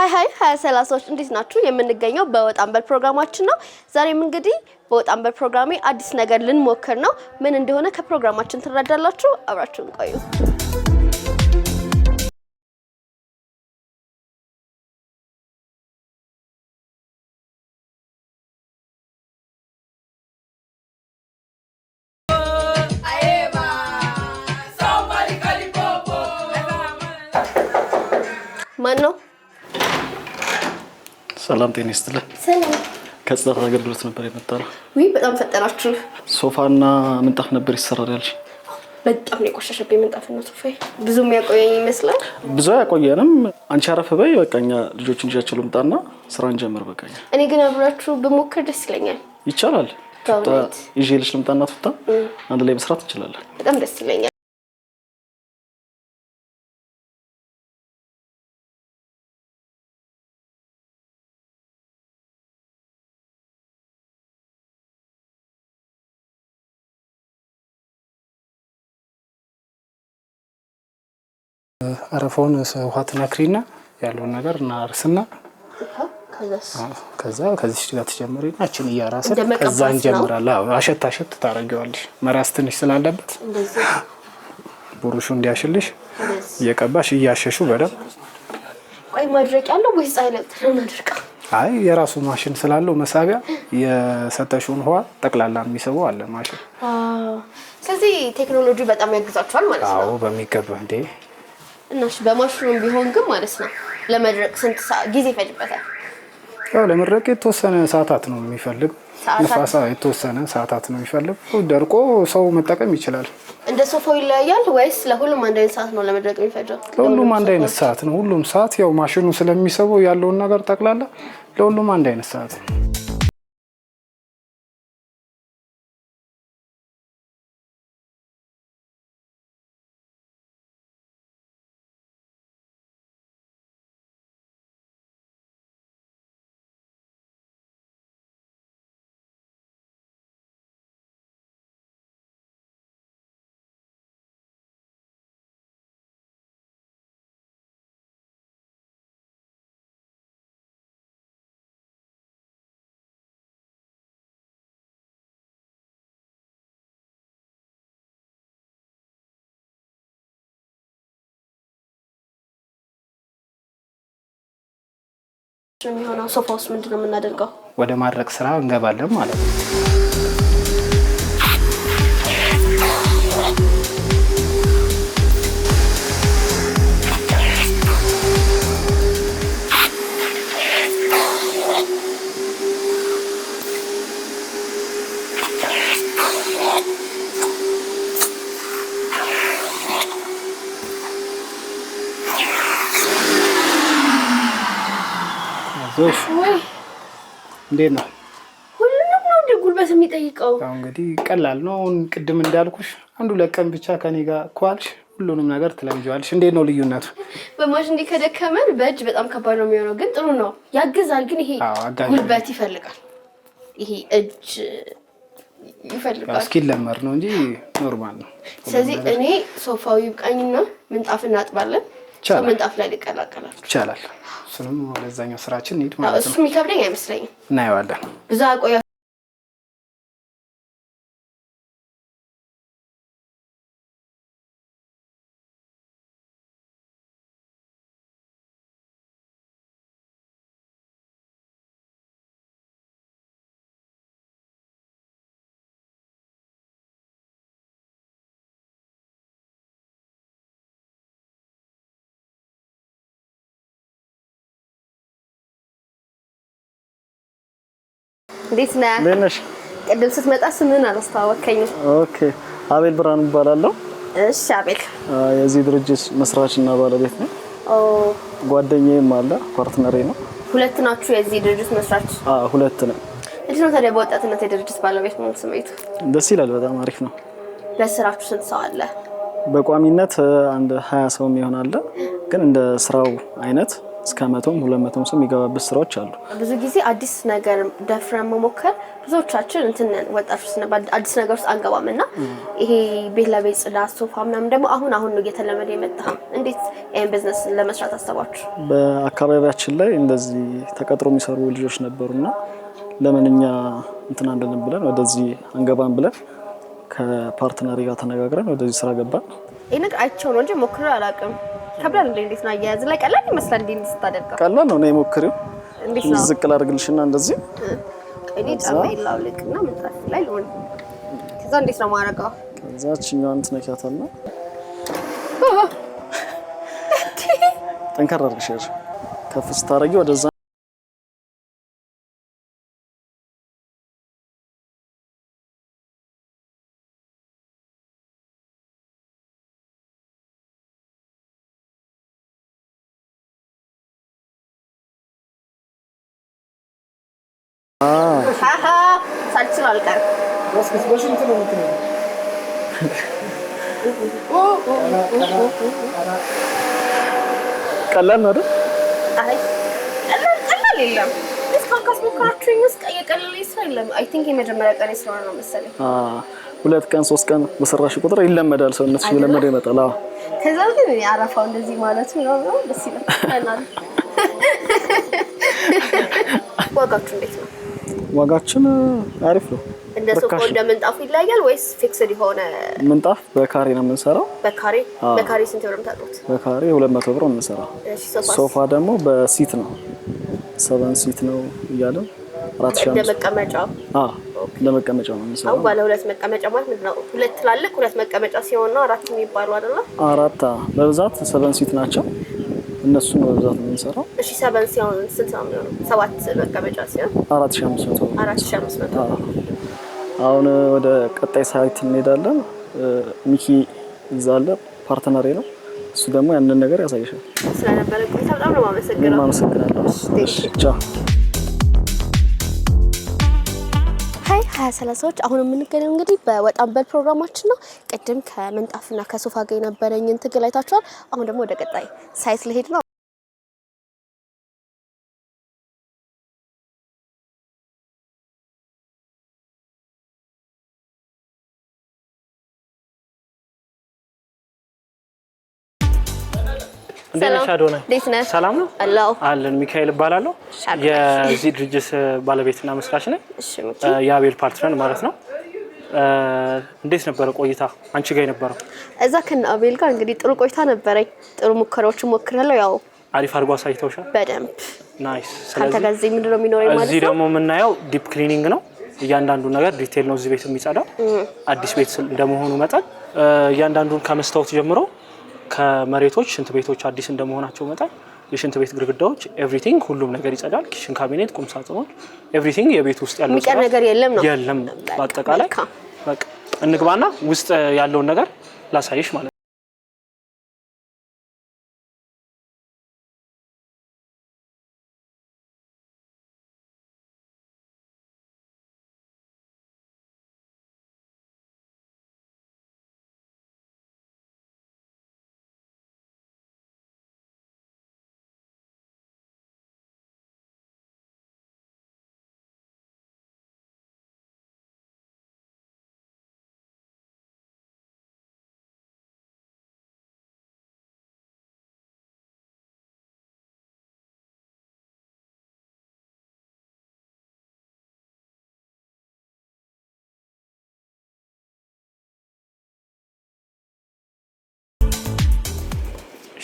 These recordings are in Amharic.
ሀይ ሀይ ሀያ ሰላሳዎች እንዴት ናችሁ? የምንገኘው በወጣንበል ፕሮግራማችን ነው። ዛሬም እንግዲህ በወጣንበል ፕሮግራሜ አዲስ ነገር ልንሞክር ነው። ምን እንደሆነ ከፕሮግራማችን ትረዳላችሁ። አብራችሁን ቆዩ። ማን ነው ሰላም ጤና ይስጥልህ። ሰላም። ከጽዳት አገልግሎት ነበር የመጣ ነው። ውይ በጣም ፈጠናችሁ። ሶፋና ምንጣፍ ነበር ይሰራል ያልሽ። በጣም ነው የቆሸሸብኝ ምንጣፍና ሶፋ። ብዙ የሚያቆየኝ ይመስላል። ብዙ አያቆየንም። አንቺ አረፍ በይ በቃ እኛ ልጆች እንጃቸው ልምጣና ስራ እንጀምር በቃ። እኔ ግን አብራችሁ ብሞክር ደስ ይለኛል። ይቻላል። ይዤ ልምጣና ትታ አንድ ላይ መስራት እንችላለን። በጣም ደስ ይለኛል። አረፋውን ውሃ ትነክሪና ያለውን ነገር እናርስና ከዛ ከዚህ ጋር ትጀምሪና እችን እያራስ ከዛ እንጀምራለን። አሸት አሸት ታደርጊዋለሽ። መራስ ትንሽ ስላለበት ቡሩሹ እንዲያሽልሽ እየቀባሽ እያሸሹ በደንብ ቆይ ማድረቅ ያለው ወይስ አይ የራሱ ማሽን ስላለው መሳቢያ የሰጠሽውን ውሃ ጠቅላላ የሚስበው አለ ማሽን። ስለዚህ ቴክኖሎጂ በጣም ያግዛችኋል ማለት ነው። አዎ በሚገባ እንዴ እናሽ በማሽሩም ቢሆን ግን ማለት ነው ለመድረቅ ስንት ጊዜ ይፈጅበታል? ያው ለመድረቅ የተወሰነ ሰዓታት ነው የሚፈልግ ነፋሳ የተወሰነ ሰዓታት ነው የሚፈልግ። ደርቆ ሰው መጠቀም ይችላል። እንደ ሶፋው ይለያያል ወይስ ለሁሉም አንድ አይነት ሰዓት ነው ለመድረቅ የሚፈጀው? ለሁሉም አንድ አይነት ሰዓት ነው። ሁሉም ሰዓት ያው ማሽኑ ስለሚሰበው ያለውን ነገር ጠቅላላ ለሁሉም አንድ አይነት ሰዓት ነው። የሚሆነው ሶፋ ውስጥ ምንድን ነው የምናደርገው? ወደ ማድረቅ ስራ እንገባለን ማለት ነው። እንዴት ነው? ሁሉም ነው እንደ ጉልበት የሚጠይቀው። እንግዲህ ቀላል ነው። ቅድም እንዳልኩሽ አንዱ ለቀን ብቻ ከኔ ጋር ኳልሽ ሁሉንም ነገር ትለምጂዋለሽ። እንዴት ነው ልዩነቱ? በማሽን እንዲህ ከደከመን በእጅ በጣም ከባድ ነው የሚሆነው፣ ግን ጥሩ ነው፣ ያግዛል። ግን ይሄ ጉልበት ይፈልጋል፣ ይሄ እጅ ይፈልጋል። እስኪለመድ ነው እንጂ ኖርማል ነው። ስለዚህ እኔ ሶፋው ይብቃኝና ምንጣፍ እናጥባለን። ምንጣፍ ላይ ሊቀላቀላል ይቻላል። እሱንም ወደዛኛው ስራችን ሄድ ማለት ነው። እሱ የሚከብደኝ አይመስለኝም። እናየዋለን። ብዙ አቆያ እንዴት ነህ? እንዴት ነሽ? ቅድም ስትመጣ ስምህን አላስተዋወቀኝም። ኦኬ፣ አቤል ብርሃኑ እባላለሁ። እሺ አቤል፣ የዚህ ድርጅት መስራችና ባለቤት ነው። ኦ፣ ጓደኛዬም አለ ፓርትነሬ ነው። ሁለት ናችሁ የዚህ ድርጅት መስራች? አዎ፣ ሁለት ነው። እንዴት ነው ታዲያ በወጣትነት የድርጅት ባለቤት መሆን ስሜቱ? ደስ ይላል። በጣም አሪፍ ነው። በስራችሁ ስንት ሰው አለ? በቋሚነት አንድ ሀያ ሰውም ይሆናል፣ ግን እንደ ስራው አይነት እስከ መቶም ሁለት መቶም ሰው የሚገባበት ስራዎች አሉ። ብዙ ጊዜ አዲስ ነገር ደፍረን መሞከር ብዙዎቻችን እንትን ወጣቶች አዲስ ነገር ውስጥ አንገባም እና ይሄ ቤት ለቤት ጽዳት፣ ሶፋ ምናምን ደግሞ አሁን አሁን ነው እየተለመደ የመጣ። እንዴት ይህን ቢዝነስ ለመስራት አሰባችሁ? በአካባቢያችን ላይ እንደዚህ ተቀጥሮ የሚሰሩ ልጆች ነበሩና ለምን እኛ እንትን አንልም ብለን ወደዚህ አንገባም ብለን ከፓርትነር ጋር ተነጋግረን ወደዚህ ስራ ገባን። ይህ ነገር አይቼው ነው እንጂ ሞክሬ አላውቅም። ከብዳል እንደ እንዴት ነው አያያዝ ላይ ቀላል ይመስላል። እንዴ እንዴት ስታደርገው ቀላል ነው። ነይ ሞክሪው። ዝቅ ላድርግልሽና እንደዚህ እኔ ጫማ ይላውልቅና ምንጣፍ ላይ ልሆን። ከዛ እንዴት ነው ማረጋው? ከዛ ችኛዋን ትነኪያታለህ። ጠንከር አድርገሽ ከፍ ስታረጊ ወደዛ ሳልችል አልቀርም። ቀላል ነው አይደል? ቀላል የለም። እስካሁን ካስሞከራችሁኝ ውስጥ የቀለለ ስራ የለም። አይ ቲንክ የመጀመሪያ ቀን ስለሆነ ነው መሰለኝ። ሁለት ቀን ሶስት ቀን በሰራሽ ቁጥር ይለመዳል፣ ሰውነት ይለመደ ይመጣል። አዎ ከዛ ግን አረፋው እንደዚህ ማለቱ ነው ደስ ይላል። ዋጋችሁ እንዴት ነው? ዋጋችን አሪፍ ነው። እንደ ሱቁ እንደ ምንጣፉ ይለያል ወይስ ፊክስድ የሆነ? ምንጣፍ በካሬ ነው የምንሰራው። በካሬ በካሬ ስንት ብር የምታጡት? በካሬ ሁለት መቶ ብር የምንሰራው። ሶፋ ደግሞ በሲት ነው ሰቨን ሲት ነው እያለን አራት ሺህ አምስት ለመቀመጫ ለመቀመጫ ነው የሚሰራው። አሁን ባለ ሁለት መቀመጫ ማለት ምንድን ነው? ሁለት ትላልቅ ሁለት መቀመጫ ሲሆን ነው አራት የሚባሉ አይደለ? አራት በብዛት ሰቨን ሲት ናቸው። እነሱ ነው በብዛት የምንሰራው። እሺ ሰበን ሲሆን ስንት ነው የሚሆነው? ሰባት መቀመጫ ሲሆን አራት ሺህ አምስት መቶ አራት ሺህ አምስት መቶ አሁን ወደ ቀጣይ ሳይት እንሄዳለን። ሚኪ እዛ አለ ፓርትነሬ ነው። እሱ ደግሞ ያንን ነገር ያሳይሻል። ስለነበረ ቆይታ በጣም ነው የማመሰግነው። አመሰግናለሁ። ቻው ሀያ ሰላሳዎች አሁን የምንገኘው እንግዲህ በወጣም በል ፕሮግራማችን ነው። ቅድም ከምንጣፍና ከሶፋ ጋር የነበረኝን ትግል አይታችኋል። አሁን ደግሞ ወደ ቀጣይ ሳይት ልሄድ ነው። ሰላም ነው አለን። ሚካኤል እባላለሁ የዚህ ድርጅት ባለቤትና መስራች ነኝ። የአቤል ፓርትነር ማለት ነው። እንዴት ነበረ ቆይታ አንቺ ጋር የነበረው? እዛ ከነ አቤል ጋር እንግዲህ ጥሩ ቆይታ ነበረኝ። ጥሩ ሙከራዎችን ሞክሬያለሁ። ያው አሪፍ አድርጎ አሳይተውሻል። በደንብ ናይስ። ስለዚህ ምንድን ነው የሚኖረኝ ማለት ነው። እዚህ ደግሞ የምናየው ዲፕ ክሊኒንግ ነው። እያንዳንዱ ነገር ዲቴል ነው እዚህ ቤት የሚጸዳው። አዲስ ቤት እንደመሆኑ መጠን እያንዳንዱን ከመስታወት ጀምሮ ከመሬቶች ሽንት ቤቶች አዲስ እንደመሆናቸው መጠን የሽንት ቤት ግድግዳዎች ኤቭሪቲንግ ሁሉም ነገር ይጸዳል። ኪሽን ካቢኔት፣ ቁም ሳጥኖች ኤቭሪቲንግ የቤት ውስጥ ያለው የሚቀር ነገር የለም ነው የለም። በአጠቃላይ በቃ እንግባና ውስጥ ያለውን ነገር ላሳይሽ ማለት ነው።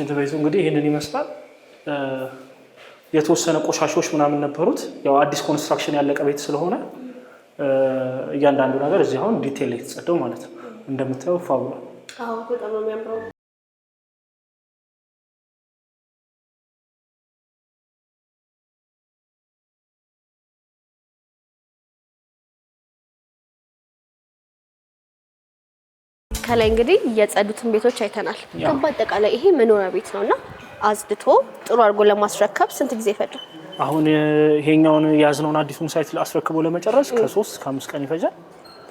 ሽንት ቤቱ እንግዲህ ይህንን ይመስላል። የተወሰነ ቆሻሾች ምናምን ነበሩት። ያው አዲስ ኮንስትራክሽን ያለቀ ቤት ስለሆነ እያንዳንዱ ነገር እዚህ አሁን ዲቴል የተጸደው ማለት ነው። እንደምታየው ፋብሏል። ከላይ እንግዲህ የጸዱትን ቤቶች አይተናል። ግን በአጠቃላይ ይሄ መኖሪያ ቤት ነውና አጽድቶ ጥሩ አድርጎ ለማስረከብ ስንት ጊዜ ይፈጃል? አሁን ይሄኛውን የያዝነውን አዲሱን ሳይት አስረክቦ ለመጨረስ ከሶስት ከአምስት ቀን ይፈጃል።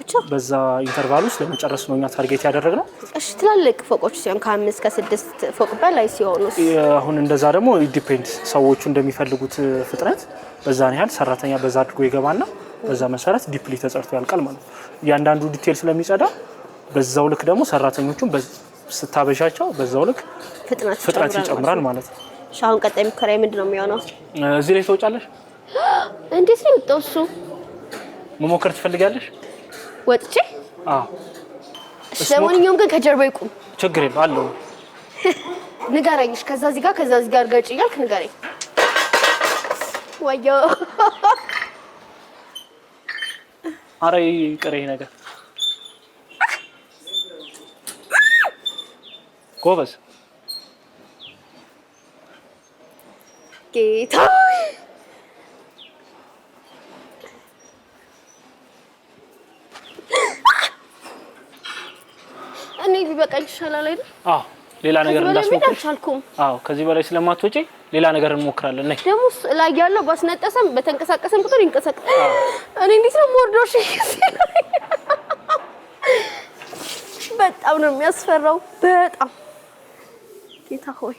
ብቻ በዛ ኢንተርቫል ውስጥ ለመጨረስ ነው እኛ ታርጌት ያደረግነው። እሺ ትላልቅ ፎቆች ሲሆን ከአምስት ከስድስት ፎቅ በላይ ሲሆኑ አሁን እንደዛ ደግሞ ዲፔንድ ሰዎቹ እንደሚፈልጉት ፍጥነት በዛን ያህል ሰራተኛ በዛ አድርጎ ይገባና በዛ መሰረት ዲፕሊ ተጸርቶ ያልቃል ማለት ነው። እያንዳንዱ ዲቴል ስለሚጸዳ በዛው ልክ ደግሞ ሰራተኞቹን ስታበዣቸው በዛው ልክ ፍጥነት ይጨምራል ማለት ነው። አሁን ቀጣይ ሙከራ ምንድን ነው የሚሆነው? እዚህ ላይ ትወጫለሽ። እንዴት ነው የምትወጣው? እሱ መሞከር ትፈልጊያለሽ? ወጥቼ? አዎ። ለማንኛውም ግን ከጀርባ ይቁም። ችግር የለም አለው። ንገረኝ። ከዛ እዚህ ጋር ከዛ እዚህ ጋር ገጭ እያልክ ንገረኝ። ወዮ አረ ቅሬ ነገር ጎበዝ ጌታ እኔ ቢበቃኝ ይሻላል አይደል? አዎ ሌላ ነገር እንዳስሞክር አልቻልኩም። አዎ ከዚህ በላይ ስለማትወጪ ሌላ ነገር እንሞክራለን። ነይ ደግሞ ላይ ያለው ባስነጠሰም በተንቀሳቀሰም ቁጥር ይንቀሳቀስ። እኔ እንዴት ነው የምወርደው? እሺ በጣም ነው የሚያስፈራው በጣም ጌታ ሆይ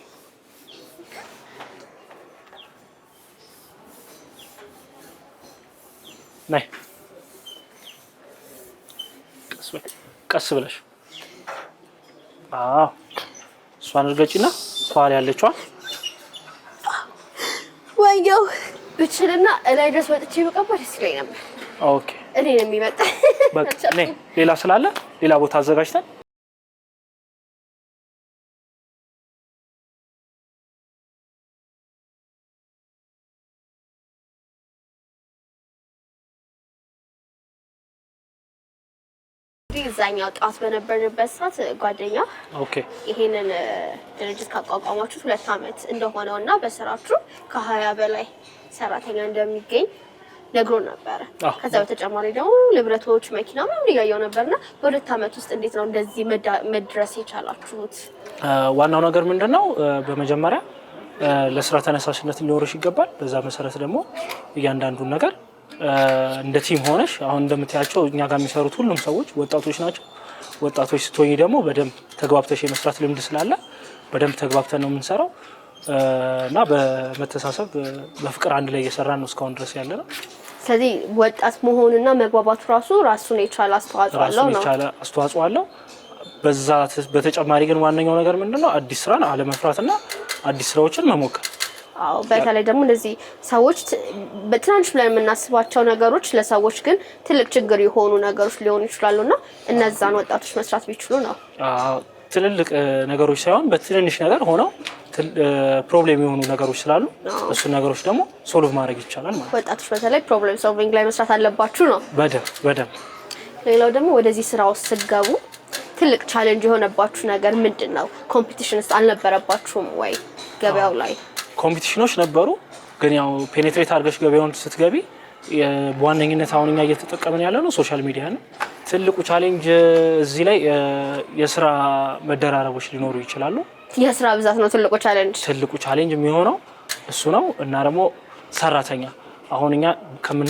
ነይ ቀስ ብለሽ አዎ እሷን እርገጭና ኋላ ያለችዋል ወየው ብችልና እላይ ድረስ ወጥቼ በቀባ ደስ ይለኝ ነበር እኔ ነው የሚመጣ ሌላ ስላለ ሌላ ቦታ አዘጋጅተን እንግዲህ እዛኛው ጠዋት በነበርንበት ሰዓት ጓደኛ ይሄንን ድርጅት ካቋቋማችሁት ሁለት ዓመት እንደሆነው እና በስራችሁ ከሀያ በላይ ሰራተኛ እንደሚገኝ ነግሮ ነበረ። ከዛ በተጨማሪ ደግሞ ንብረቶች፣ መኪና ምናምን እያየው ነበርና በሁለት ዓመት ውስጥ እንዴት ነው እንደዚህ መድረስ የቻላችሁት? ዋናው ነገር ምንድን ነው? በመጀመሪያ ለስራ ተነሳሽነት ሊኖርሽ ይገባል። በዛ መሰረት ደግሞ እያንዳንዱን ነገር እንደ ቲም ሆነሽ አሁን እንደምታያቸው እኛ ጋር የሚሰሩት ሁሉም ሰዎች ወጣቶች ናቸው። ወጣቶች ስትሆኝ ደግሞ በደንብ ተግባብተሽ የመስራት ልምድ ስላለ በደንብ ተግባብተን ነው የምንሰራው እና በመተሳሰብ በፍቅር አንድ ላይ እየሰራ ነው እስካሁን ድረስ ያለ ነው። ስለዚህ ወጣት መሆንና መግባባቱ ራሱ ራሱን የቻለ አስተዋጽኦ አለው ነው የቻለ አስተዋጽኦ አለው። በዛ በተጨማሪ ግን ዋነኛው ነገር ምንድነው አዲስ ስራን አለመፍራትና አዲስ ስራዎችን መሞከር አዎ በተለይ ደግሞ እነዚህ ሰዎች በትናንሽ ብለን የምናስባቸው ነገሮች ለሰዎች ግን ትልቅ ችግር የሆኑ ነገሮች ሊሆኑ ይችላሉ እና እነዛን ወጣቶች መስራት ቢችሉ ነው። ትልልቅ ነገሮች ሳይሆን በትንንሽ ነገር ሆነው ፕሮብሌም የሆኑ ነገሮች ስላሉ እሱን ነገሮች ደግሞ ሶልቭ ማድረግ ይቻላል ማለት ወጣቶች በተለይ ፕሮብሌም ሶልቪንግ ላይ መስራት አለባችሁ ነው። በደምብ ሌላው ደግሞ ወደዚህ ስራ ውስጥ ስገቡ ትልቅ ቻሌንጅ የሆነባችሁ ነገር ምንድን ነው? ውስጥ አልነበረባችሁም ወይ ገበያው ላይ? ኮምፒቲሽኖች ነበሩ፣ ግን ያው ፔኔትሬት አድርገሽ ገበያውን ስትገቢ በዋነኝነት አሁን እኛ እየተጠቀምን ያለ ነው ሶሻል ሚዲያ ነው። ትልቁ ቻሌንጅ እዚህ ላይ የስራ መደራረቦች ሊኖሩ ይችላሉ። የስራ ብዛት ነው ትልቁ ቻሌንጅ። ትልቁ ቻሌንጅ የሚሆነው እሱ ነው እና ደግሞ ሰራተኛ አሁን እኛ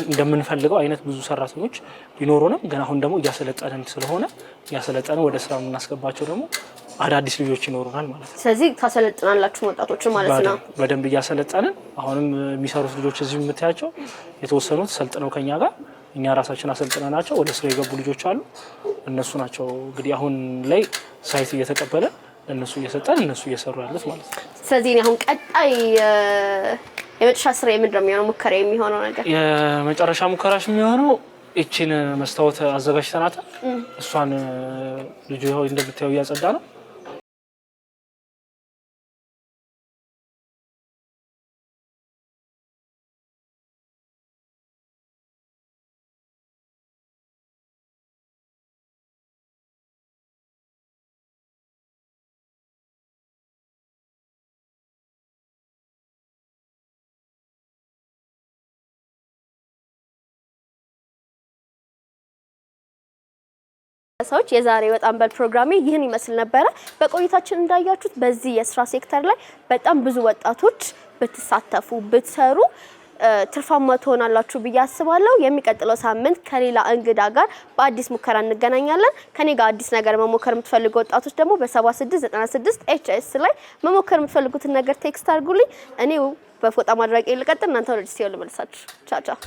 እንደምንፈልገው አይነት ብዙ ሰራተኞች ቢኖሩንም ግን አሁን ደግሞ እያሰለጠንን ስለሆነ እያሰለጠንን ወደ ስራ የምናስገባቸው ደግሞ አዳዲስ ልጆች ይኖሩናል ማለት ነው። ስለዚህ ታሰለጥናላችሁ ወጣቶችን ማለት ነው። በደንብ እያሰለጠንን አሁንም የሚሰሩት ልጆች እዚህ የምታያቸው የተወሰኑት ሰልጥነው ከኛ ጋር እኛ ራሳችን አሰልጥነናቸው ወደ ስራ የገቡ ልጆች አሉ። እነሱ ናቸው እንግዲህ አሁን ላይ ሳይት እየተቀበለ እነሱ እየሰጠን እነሱ እየሰሩ ያሉት ማለት ነው። ስለዚህ አሁን ቀጣይ የመጨረሻ ስራ የምንድን ነው የሚሆነው? ሙከራ የሚሆነው ነገር የመጨረሻ ሙከራሽ የሚሆነው ይችን መስታወት አዘጋጅተናታል። እሷን ልጁ እንደምታየው እያጸዳ ነው። ሰዎች የዛሬ ወጣን በል ፕሮግራሜ ይህን ይመስል ነበረ። በቆይታችን እንዳያችሁት በዚህ የስራ ሴክተር ላይ በጣም ብዙ ወጣቶች ብትሳተፉ ብትሰሩ ትርፋማ ትሆናላችሁ ብዬ አስባለሁ። የሚቀጥለው ሳምንት ከሌላ እንግዳ ጋር በአዲስ ሙከራ እንገናኛለን። ከኔ ጋር አዲስ ነገር መሞከር የምትፈልጉ ወጣቶች ደግሞ በ7696 ኤችኤስ ላይ መሞከር የምትፈልጉትን ነገር ቴክስት አድርጉልኝ። እኔው በፎጣ ማድረቅ ልቀጥል፣ እናንተ ወደ ልመልሳችሁ። ቻቻ